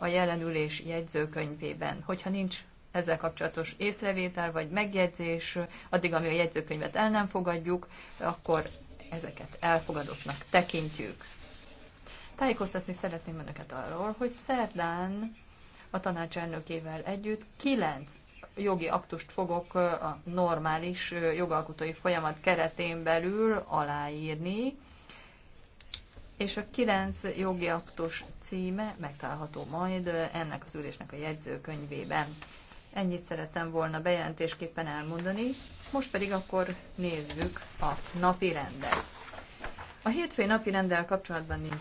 a jelenülés jegyzőkönyvében. Hogyha nincs ezzel kapcsolatos észrevétel vagy megjegyzés, addig, ami a jegyzőkönyvet el nem fogadjuk, akkor ezeket elfogadottnak tekintjük. Tájékoztatni szeretném önöket arról, hogy szerdán a tanácselnökével együtt kilenc jogi aktust fogok a normális jogalkotói folyamat keretén belül aláírni, és a kilenc jogi aktus címe megtalálható majd ennek az ülésnek a jegyzőkönyvében. Ennyit szerettem volna bejelentésképpen elmondani, most pedig akkor nézzük a napi rendet. A hétfői napi rendel kapcsolatban nincs